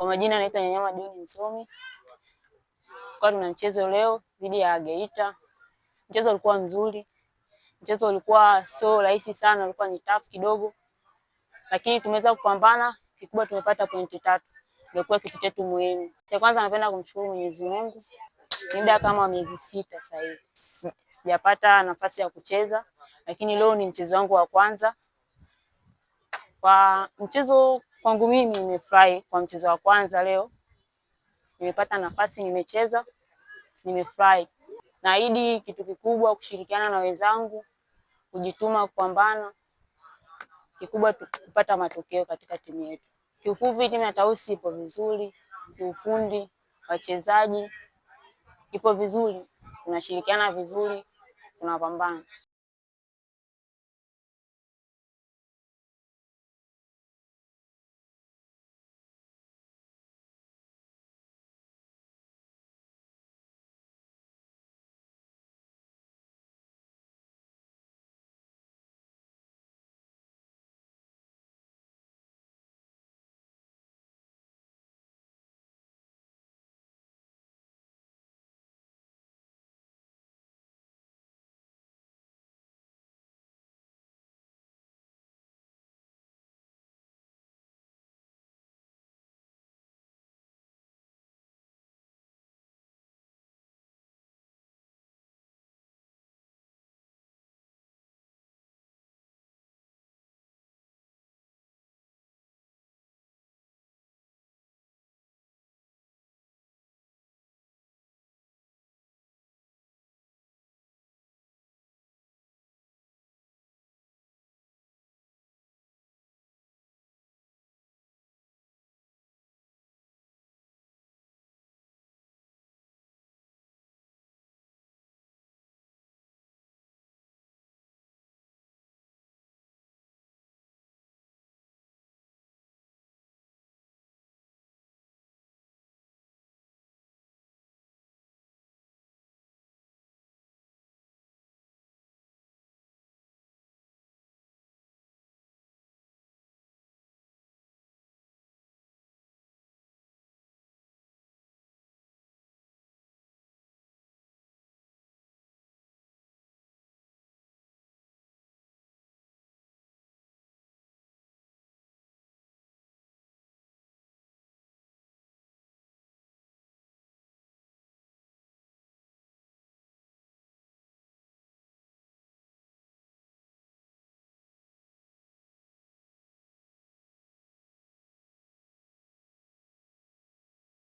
Kwa majina naitwa Nyanyama John Msomi. Kwa tuna mchezo leo dhidi ya Geita. Mchezo ulikuwa mzuri, mchezo ulikuwa so rahisi sana, ulikuwa ni tough kidogo, lakini tumeweza kupambana. Kikubwa tumepata pointi tatu, ndio kwa kitu chetu muhimu cha kwanza. Napenda kumshukuru Mwenyezi Mungu, muda kama miezi sita sasa hivi sijapata nafasi ya kucheza, lakini leo ni mchezo wangu wa kwanza kwa mchezo Kwangu mimi nimefurahi kwa mchezo wa kwanza leo, nimepata nafasi, nimecheza, nimefurahi. Naahidi kitu kikubwa, kushirikiana na wenzangu, kujituma, kupambana, kikubwa kupata matokeo katika timu yetu. Kiufupi, timu ya Tausi ipo vizuri, kiufundi, wachezaji ipo vizuri, tunashirikiana vizuri, tunapambana.